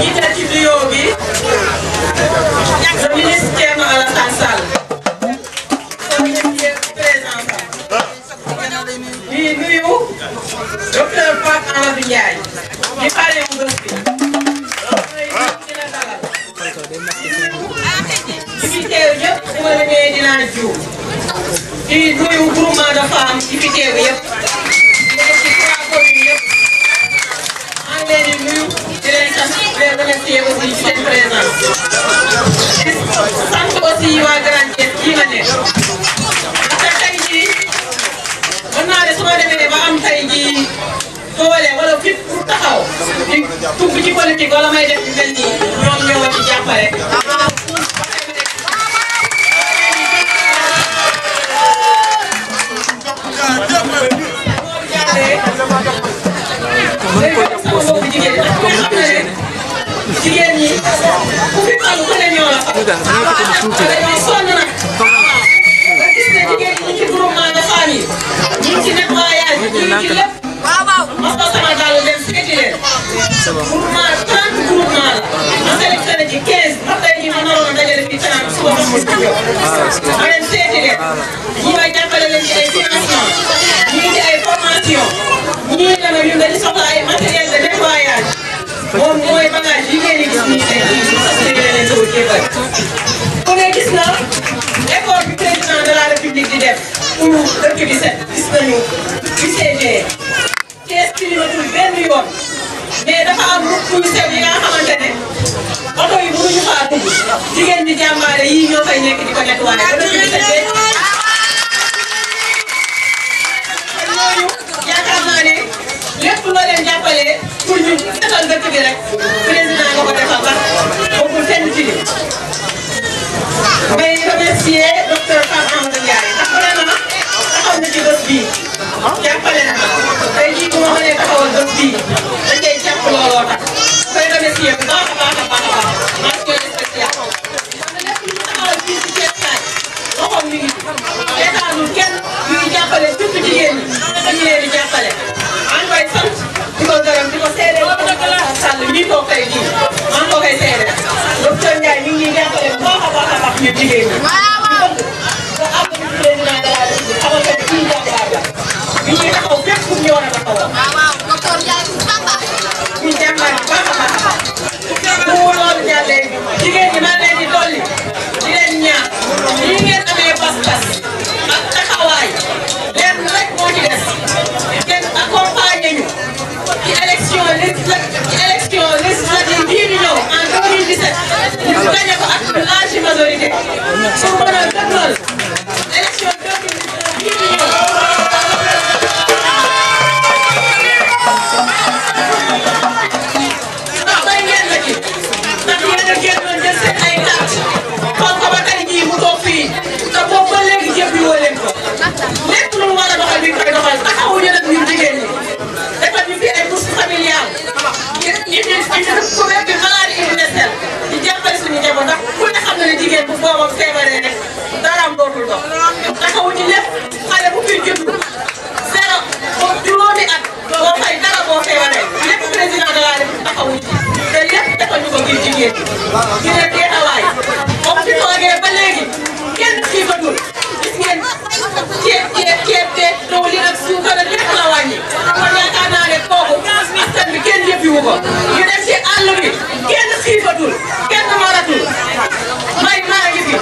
jiital ci nuyoo bi le ministre Thierno Alassane Sall di nuyu docteur Pape Amadou Ndiaye di pare mu bi dina dalal ñi fi teew yëpp su ma demee dinaa jiw di nuyu groupement de femmes remercier aussi ci seen présence di sant aussi waa Grand Thiès kii nga nekk parce que tey jii mën naa ne su ma demee ba am tey jii doole wala fit pour taxaw di tugg ci politique wala may def ci mel nii ñoom ñoo war ci jàppale. Thank you. moom mooy bagage yi ngeen di gis nii tey au Québec. ku ne gis na effort bi président de la république di def pour dëkk bi set gis nañu UCG. Thiès climatul benn yoon mais dafa am lu sew yi nga xamante ne oto yi mënuñu faa dugg jigéen ñi jàmbaare yii ñoo fay nekk di ko nettoyé ba dëkk bi set de. kon ñooñu yaakaar naa ne lépp loo leen jàppale pour ñu setal dëkk bi rek. naa ko ko defal ndax bokkul fenn ci li may remercier docteur Pape Amadou Ndiaye ndax vraiment taxaw na ci bés bii jàppale na ma tey jii bu ma mënee taxawal bés bii dañ koy jàpp looloo tax koy remercier bu baax a baax a baax a baax maa ngi koy spécial lépp lu taxawal fii ci Thiès Sadji loxoom mi ngi étaanul kenn ñu ngi jàppale surtout jigéen ñi dañu leen di jàppale maa ngi koy sant di ko gërëm di ko seedee ba Sall mii toog tey jii minha direita. É? dina teewaay comme fi toogee ba léegi kenn xiifatul gis ngeen ceeb ceeb ceeb ceeb taw li ak suukar ak lépp la wàññi kon yaakaar naa ne kooku askan bi kenn yëppiwu ko ñu dem ci àll bi kenn xiifatul kenn maratul mbay maa ngi fi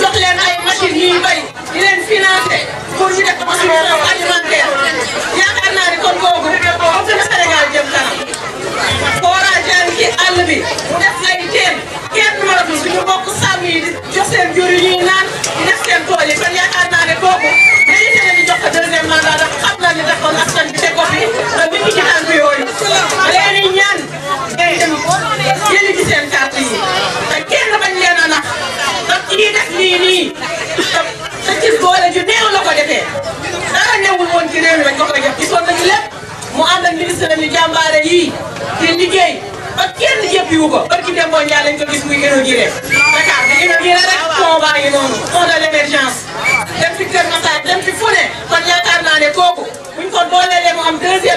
jox leen ay machines yuy bay di leen financé pour ñu def machine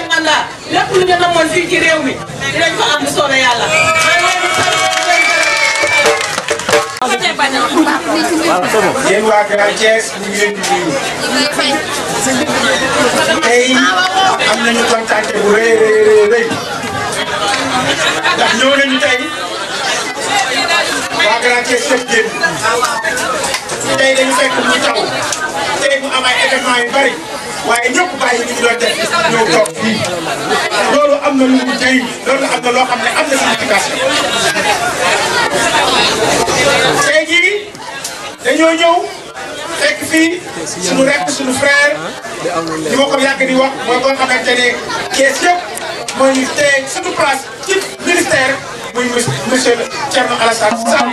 deuxième mandat lépp lu ñu namoon fii ci réew mi dinañ ko am bu soobee yàlla. yéen waa Grand Thiès ñu ngi leen di nuyu tey am nañu kontaante bu rëy rëy rëy ndax ñëw nañu tey waa Grand Thiès sëñ bi tey dañu fekk mu taw tey mu am ay événement yu bari. waaye ñëpp bàyyi li ñu doon def ñëw toog loolu am na lu mu tey loolu am na loo xam ne am na signification tey jii dañoo ñëw fekk fii suñu rek suñu frère li ma ko yàgg di wax mooy koo xamante ne kees yëpp mooy ñu tey suñu place ci ministère muy monsieur Thierno Alassane Sall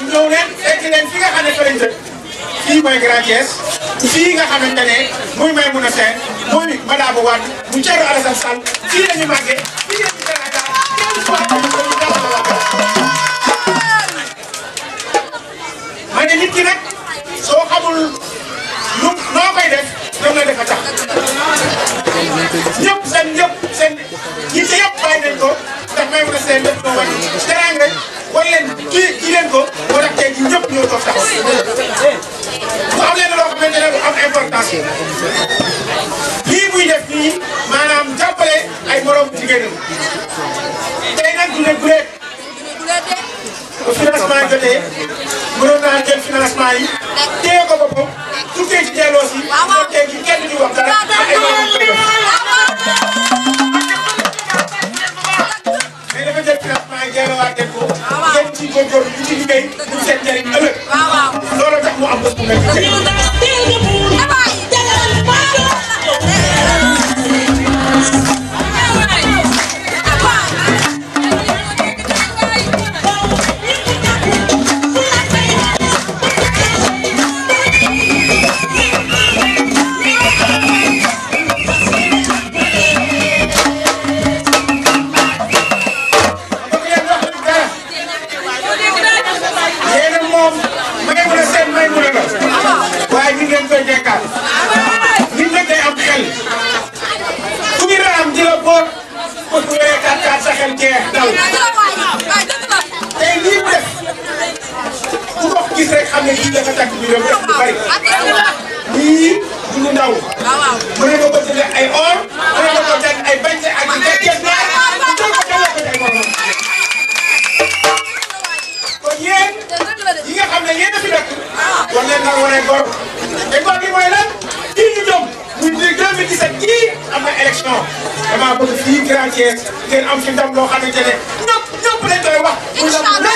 ñu ñëw leen fekk leen fi nga xam ne fa kii mooy Grand Thiès nga xamante ne muy may mun a seen mooy madame Wade mu Thierno Alassane Sall fii la ñu màggee fii la ñu ma ne nit ki soo xamul lu noo koy def ñoom tax ñëpp seen ñëpp seen nit yëpp bàyyi nañ ko ndax may mun a seen def noo wàññi. teraanga war leen kii kii leen ko moo tax tey ñëpp ñoo toog taxaw. lii muy def nii maanaam jàppale ay morom jigéenam tey nag du ne guleet ba financement yi jotee mënoon naa jël financement yi téye ko boppam tukkee ci delloo si tukkee ci kenn di wax dara ay morom koy def mais dafa jël financement yi delloowaat ko kenn ah ci góorgóorlu ñu ci ah am bés bu nekk wane góor te góor gi mooy lan kii ñu jëm muy 2017 kii am na élection damaa bëgg fii Grand Thiès ngeen am fi ndam loo xamante ne ñëpp ñëpp lañ koy wax. incha allah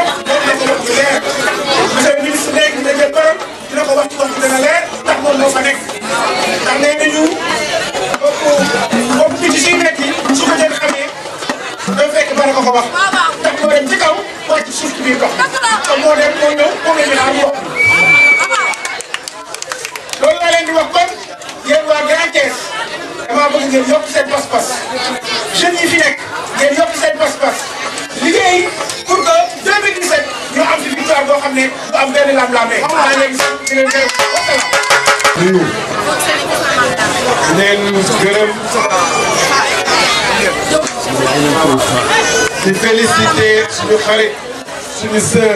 suñu xarit suñu sœur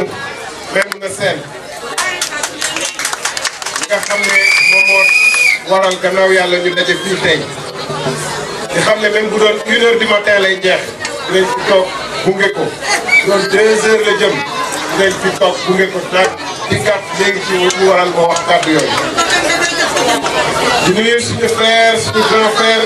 même na seen nga xam ne moom moo waral gannaaw yàlla ñu daje fii tey nga xam ne même bu doon une heure du matin lay jeex dinañ fi toog gunge ko doon deux heures la jëm dinañ fi toog gunge ko nag di gàtt léegi ci ñu waral moo wax kàddu yooyu di nuyu suñu frère suñu grand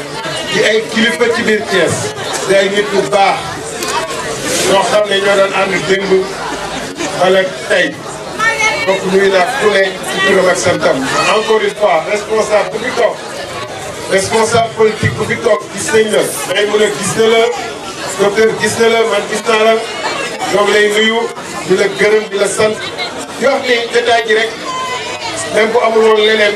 di ay kilifa ci biir Thiès di ay bu baax ñoo xam ne ñoo doon ànd démb wala tey donc ñuy naag ku ne ci turam santam encore une fois responsable bu fi toog responsable politique bu fi toog gis nañ la may mën a gis na la docteur gis na la man gis naa la ñoo ngi lay nuyu di la gërëm di la sant di wax ni détail ji rek même bu leneen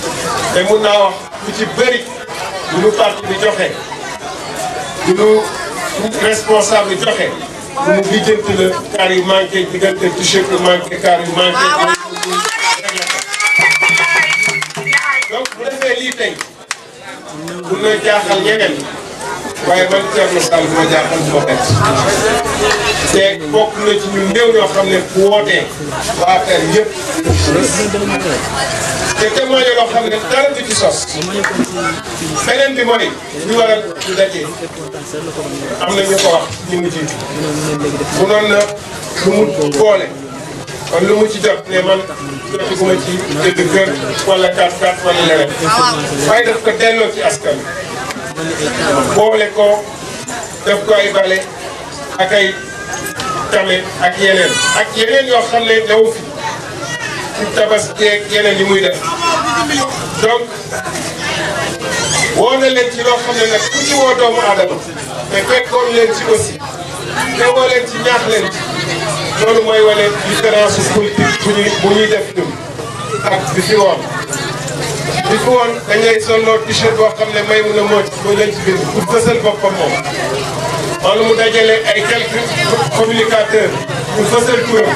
te mun naa wax ku ci bëri lu parti bi joxe lu ñu responsable joxe lu mu lijjanti la car yu manqué diggante touché ku manqué car yu manqué ah, donc bu defee lii tey mun te bokk na ci ñu néew ñoo xam ne ku wootee waa affaire yëpp te témoins yoo xam ne dara du ci sos bi mooy ñu war a daje am na ñu ko ñu ngi jiitu bu noonu na lu mu boole kon lu mu ci jot ne man jotaguma ci dëgg kër wala kaat kaat wala leneen waaye daf ko delloo ci askan boole ko daf ko ak ay tame ak yeneen ak yeneen yoo xam ne daw ci tabaski ak yi muy def donc woo na leen ci ku ci woo doomu aadama te fekkoon leen ci aussi te woo leen ci ñaax leen ci loolu mooy wane différence politique ñuy def ak bi fi woon bi fi woon dañ lay sonnoo t-shirt boo xam ne may mun a moo moo leen ci bind pour fësal boppam moom wala mu dajale ay quelques communicateurs pour fësal turam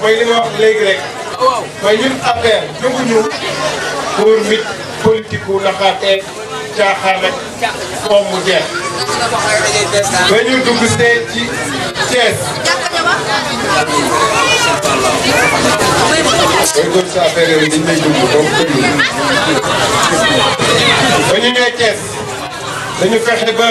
mooy li nga wax léegi rek mooy ñun affaire jóguñu pour mit politique wu naxaateeg caaxaan ak koom mu jeex ba ñu dugg see ci Thiès mooy góor sa affaire yooyu dañ lay dugg donc dëgg ba ñu ñëwee Thiès dañu fexe ba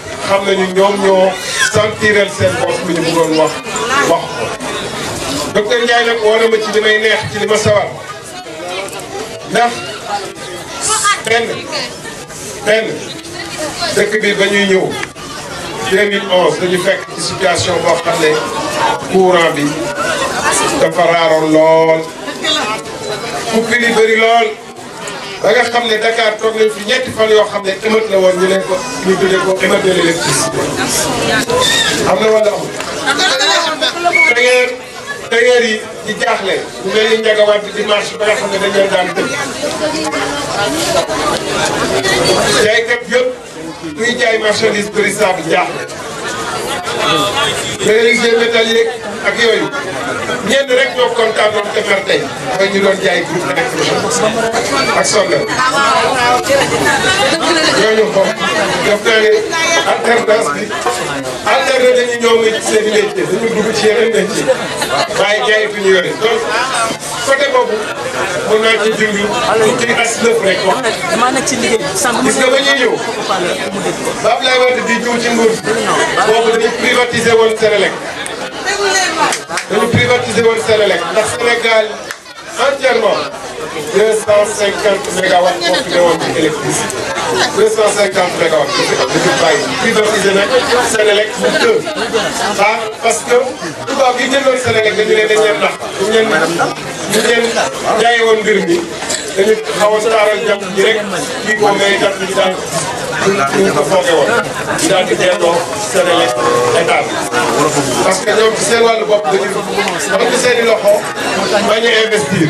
xam nañu ñoom ñoo sentirel seen bopp lu ñu bëggoon wax wax ko docteur Ndiaye nag woo na ma ci li may neex ci li ma sawar ndax benn benn dëkk bi ba ñuy ñëw 2011 dañu fekk ci situation boo xam ne courant bi dafa raaroon lool coupure yi bëri lool ba nga xam ne Dakar toog nañ fi ñetti fan yoo xam ne émeute la woon ñu ne ko ñu tuddee ko émeute de l'électricité am na wala amul tegeer tegeer yi di jaaxle ñu leen di njagawaat di marché ba nga xam ne dañ leen daan tëj jaaykat yëpp kuy jaay marchandise président bi jaaxle réaliser métal yeeg ak yooyu ñenn rek ñoo kontaan doon defar tey mooy ñu doon jaay groupe d' ak soxna ñooñu moom def naa ne alternance bi alterné nañu ñoom it seen métier dañu dugg ci yeneen métier waaye jaayatuñu yore donc. côté boobu mën naa ci dund tuuti as lëf rek wax. damaa nekk ci liggéey bi. gis nga ba ñuy ñëw. ba Abdoulaye Wade di ñëw ci nguur boobu dañu privatiser woon Sénélec. dañu privatiser woon Sénélec ndax Sénégal entièrement deux cent cinquante mégawatts moo fi newoon ci électricité deux cinquante mégawatts bi fi bàyyi privatiser nag Sénélec bu deux ah parce que tubaab yi jëndoon Sénélec dañu ne dañ leen nax ñu leen ñu woon mbir mi dañu a taaral jàpp ji rek kii ko mais ji daal ñu ñu ko fooge woon que ñoom ci seen wàllu bopp dañu banque seen i loxo bañ a investir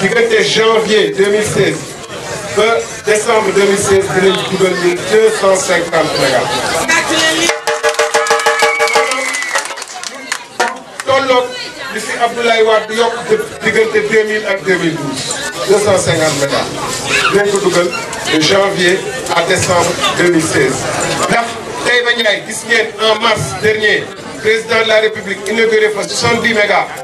De janvier 2016 de décembre 2016 dinañ dugal de 250 mégas. tolloog li fi Abdoulaye Wade yokk 2000 à 2012 250 mégas. de janvier à décembre 2016 ndax Taïba Ndiaye gis en mars dernier président de la République inauguré pour 70 Mégas.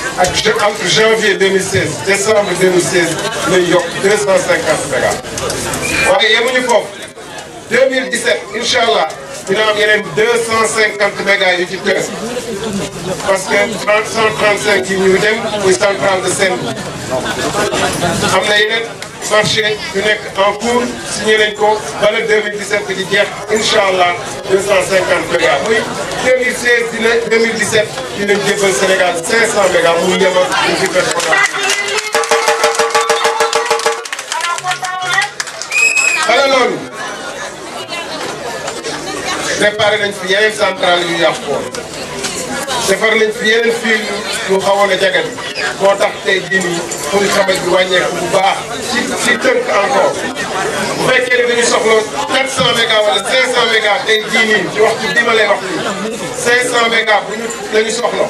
ak entre janvier 2016 décembre 2016 lay yokk 250 mégas waaye yemuñu foofu 2017 incha allah. il y a 250 mégas Parce que 135 millions d'euros, aiment, ou 135. Il y a un marché qui est en cours, signé le cours, dans le 2017, qui dit, Inch'Allah, 250 mégas. Oui, 2016, 2017, il y a un Sénégal, 500 mégas, pour y réparé nañ fi yeneen centrale yu yàqu ko defar nañ fi yeneen fiil yu xawoon a jagat moo tax tey jii nii muy xamal bi wàññeeku bu baax ci ci tënk encore bu fekkee ne dañu soxla 400 méga wala 500 tey jii nii ci waxtu bi ma lay wax nii 500 méga bu ñu la ñu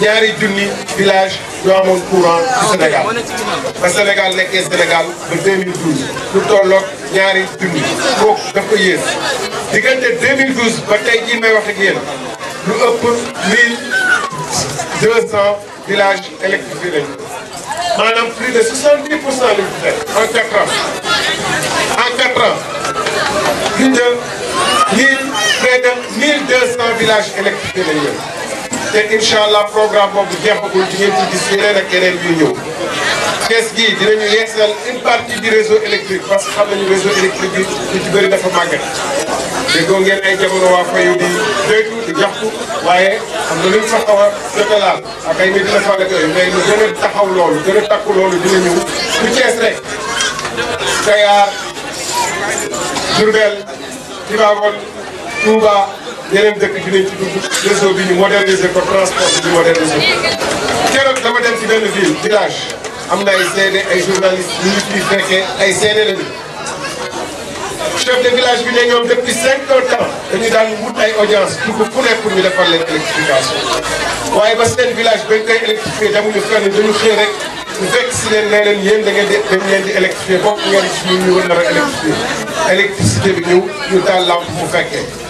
ñaari junni village de amoon courant du Sénégal Le ah, Sénégal nekkee Sénégal en 2012 lu tolloog ñaari junni Donc, daf 2012 ba tey jii may wax ak 1200 villages électrifiés Nous maanaam plus de 70 pour cent en 4 ans en 4 ans nous de 1000 près de 1200 villages électrifiés te incha allah programme boobu jeexagul di ngeen ci gis yeneen ak yeneen yuy ñëw. kees gii dinañu yeesal une partie du réseau électrique parce que xam nañu réseau électrique bi lu ci bëri dafa màggat. déggoo ngeen ay jamono waa fayu di doytu di jaxtu waaye am na luñ fa xaw a jot a laal ak ay Médina Fall ak yooyu mais lu gën a taxaw loolu gën a takku loolu dina ñëw lu Cees rek. Kayaar Diourbel Tivaouane Touba. yeneen dëkk dinañ ci dugg réseau bi ñu moderniser ko transport bi ñu moderniser ko keroog dama dem ci benn ville village am na ay seede ay journaliste ñu ngi ciy fekkee ay seede la ñu chef de village bi ne ñoom depuis cinquante ans dañu daan wut ay audience dugg fu nekk pour ñu defar leen électrification waaye ba seen village bañ koy électrifier demuñu fenn dañu xëy rek su fekk si leen nee leen yéen da ngeen di dañ leen di électrifier bokk ngeen si ñun ñu war a électrifier électricité bi ñëw ñu taal lampe mu fekkee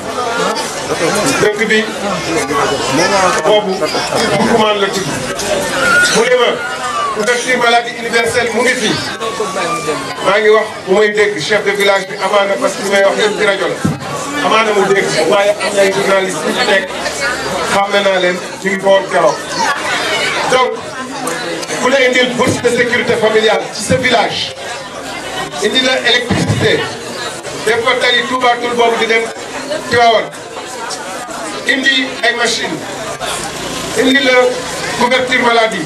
dëkk bi boobu Bukumaan la tudd mu ne ma couverture maladie universelle mu ngi fii maa ngi wax bu may dégg chef de village bi amaana parce que li may wax yëpp ci rajo la amaana mu dégg waaye am na ay journaliste yu nekk xàmme naa leen ñu ngi boor keroog donc ku la indil bourse de sécurité familiale ci sa village indi la électricité def ko tali Touba Toul boobu di dem Tivaouane indi ay machine indi la couverture maladie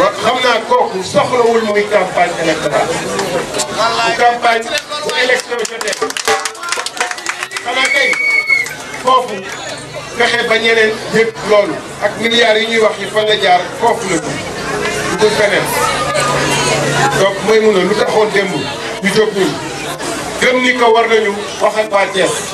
wa xam naa kooku soxlawul muy campagne électorale bu campagne bu élection jotee xanaa kay foofu fexe ba ñeneen yëg loolu ak milliards yi ñuy wax yi fan la jaar foofu la du dugul feneen donc mooy mun a lu taxoon démb ñu jóg ñun gëm ni ko war nañu wax ak waa Thiès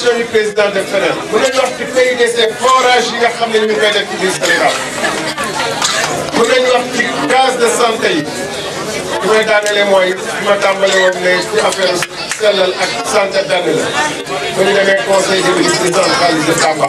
décision yu président def feneen bu leen wax ci PUDC forage yi nga xam ne ñu ngi koy def ci biir Sénégal bu leen wax ci gaz de santé yi li may daanelee mooy li ma tàmbale woon ne ci affaire sellal ak santé daan la bu ñu demee conseil des ministres décentralisé Tamba.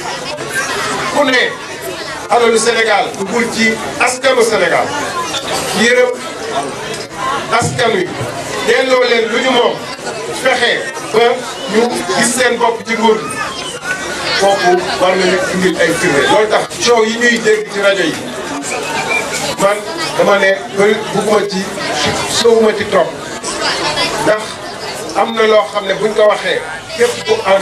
ku ne alalu Sénégal dugul ci askanu Sénégal yërëm askan wi delloo leen lu ñu moom fexe ba ñu gis seen bopp ci nguur gi kooku war nañu indil ay firnde loolu tax soow yi ñuy dégg ci rajo yi man dama ne bugguma ci sowuma ci topp ndax am na loo xam ne buñ ko waxee képp ku am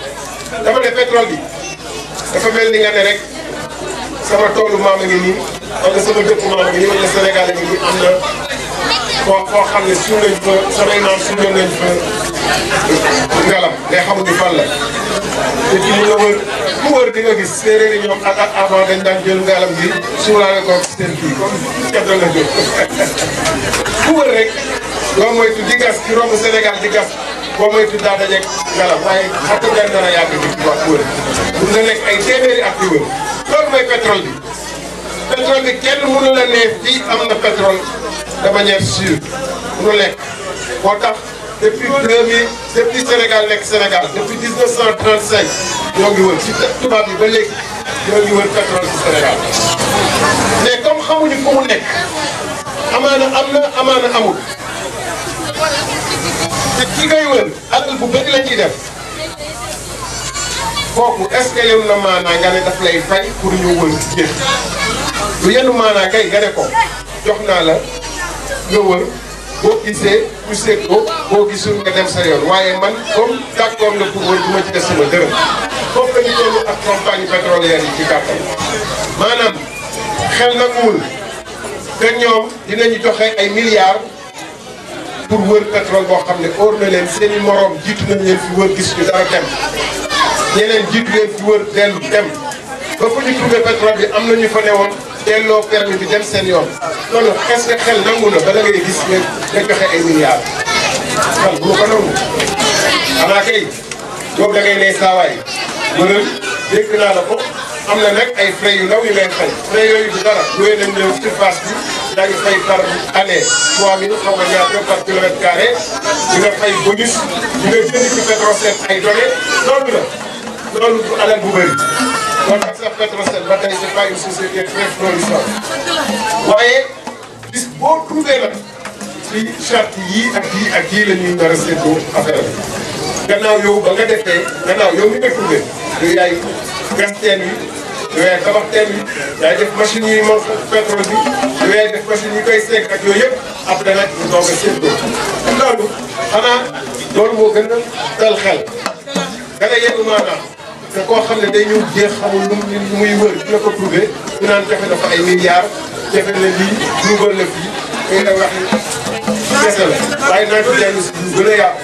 dafa ne pétrole bi dafa mel ni nga ne rek sama toolu maam a ngi nii wala sama dëkku maam a ngi nii wala Sénégal a ngi nii am na foo foo xam ne suul nañ fa samay maam suuloon nañ fa ngalam day xamuñu fan la te ci li nga wër ku wër di nga gis séeréer yi ñoom ak ak avant dañ daan jël ngalam gi suulaale ko seen kii comme gerte la jóg ku wër rek loolu mooy di gas ci romb Sénégal di gas. boo mooy tudd daa dajeeg ngelaw waaye xam nga benn yàgg bi di wax wër mun nga nekk ay téeméeri at di wër loolu mooy pétrole bi pétrole bi kenn mënu la ne fii am na pétrole de manière sûre mu lekk moo tax depuis depuis Sénégal nekk Sénégal depuis 1935 ñoo ngi wër ci tubaab yi ba léegi ñoo ngi wër pétrole Sénégal mais comme xamuñu fu mu nekk amaana am na amaana amul. te ki ngay wër alal bu bëri la ciy def kooku est ce que yenu na maanaa nga ne daf lay fay pour ñu wër jën lu yenu maanaa kay nga ko jox naa la nga wër boo gisee ku séddoo boo gisul nga dem sa yoon waaye man comme d'accord nga pour wër du ma ci des sama dërëm foofu la ñu ak compagnie pétrolière yi ci gàttal maanaam xel nanguwul que ñoom dinañu joxe ay milliards. pour wër pétrole boo xam ne óor na leen seeni moroom jiitu nañ leen fi wër gis ñu dara dem ñeneen jiitu leen fi wër dellu dem ba am na ñu fa newoon delloo permis bi dem seen yoon loolu est-ce que xel nangu na bala ngay gis ne nga joxe ay milliards xel bu ma da ngay ne saawaay mënal dégg naa la ko am na nag ay frais yu ndaw yu ngay fay frais yooyu du dara luwee nañ leen surface yaa ngi fay par année 3000 xam nga ñaar par kilomètre carré dina fay bonus dina nga ci Petrosen ay données loolu la loolu du alal bu bëri. kon ak sax Petrosen ba tey c'est pas une société très florissante waaye bis boo trouvé la ci charte yii ak yii ak yii la ñuy nar a seetloo affaire bi. gannaaw yow ba nga defee gannaaw yow mi nga trouvé yow yaay gasteen wi. yooyu yaay tabax teen bi yaay def machines yi moom pétrole bi yooyu yaay def machines yi koy seeg ak yooyu yëpp après nag ñu doog a séddoo loolu xanaa loolu moo gën a dal xel gën a yeggu maanaam te koo xam ne day ñëw jeex xamul lu muy wër dina ko trouvé ñu naan jafe dafa ay milliards jafe na lii lu wër la fii day da wax kese la waaye naa ci dellu si lu gën a yàqu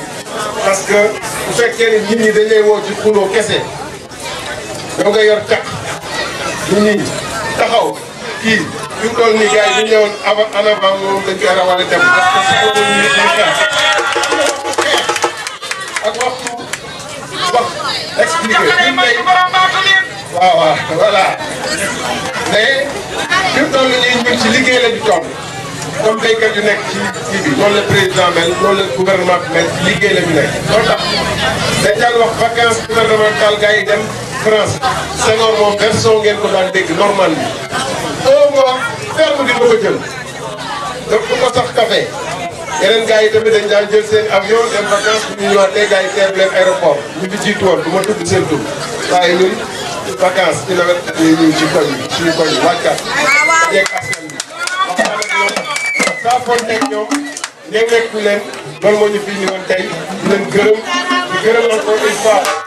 parce que bu fekkee ne nit ñi dañ lay woo ci xuloo kese yow nga yor caq du nii taxaw kii fi mu toll nii gars yi ñu ñëwoon avant en avant moom dañ koy rawale dem parce que su ko nii day xeex ak waxtu wax expliqué ñun tey waaw waaw voilà mais fi mu toll nii ñun ci liggéey la ñu toll comme béykat yu nekk ci kii bi loolu la président mel loolu la gouvernement bi mel ci liggéey la ñu nekk loolu tax dañ daan wax vacances gouvernementale gars yi dem. France Senghor moom version ngeen ko daan dégg Normandie un mois ferme dina ko jël def ko ko sax café yeneen gars yi tamit dañ daan jël seen avion dem vacances bu ñu ñëwaat leen aéroport du ma tudd seen tur waaye ñun vacances ci nawet dañuy ñëw ci koñ bi suñu koñ wàccaat yeeg askan bi saa foon nekk ñoom ñeeg nekku leen loolu moo ñu fi ñu woon tey di leen gërëm di gërëm encore une fois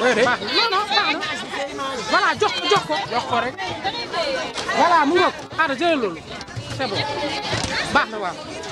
doy de baax na non non baax na voilà jox ko jox ko. jox ko rek voilà mu ngoog. xaaral jëlee loolu c'est bon baax na waaw.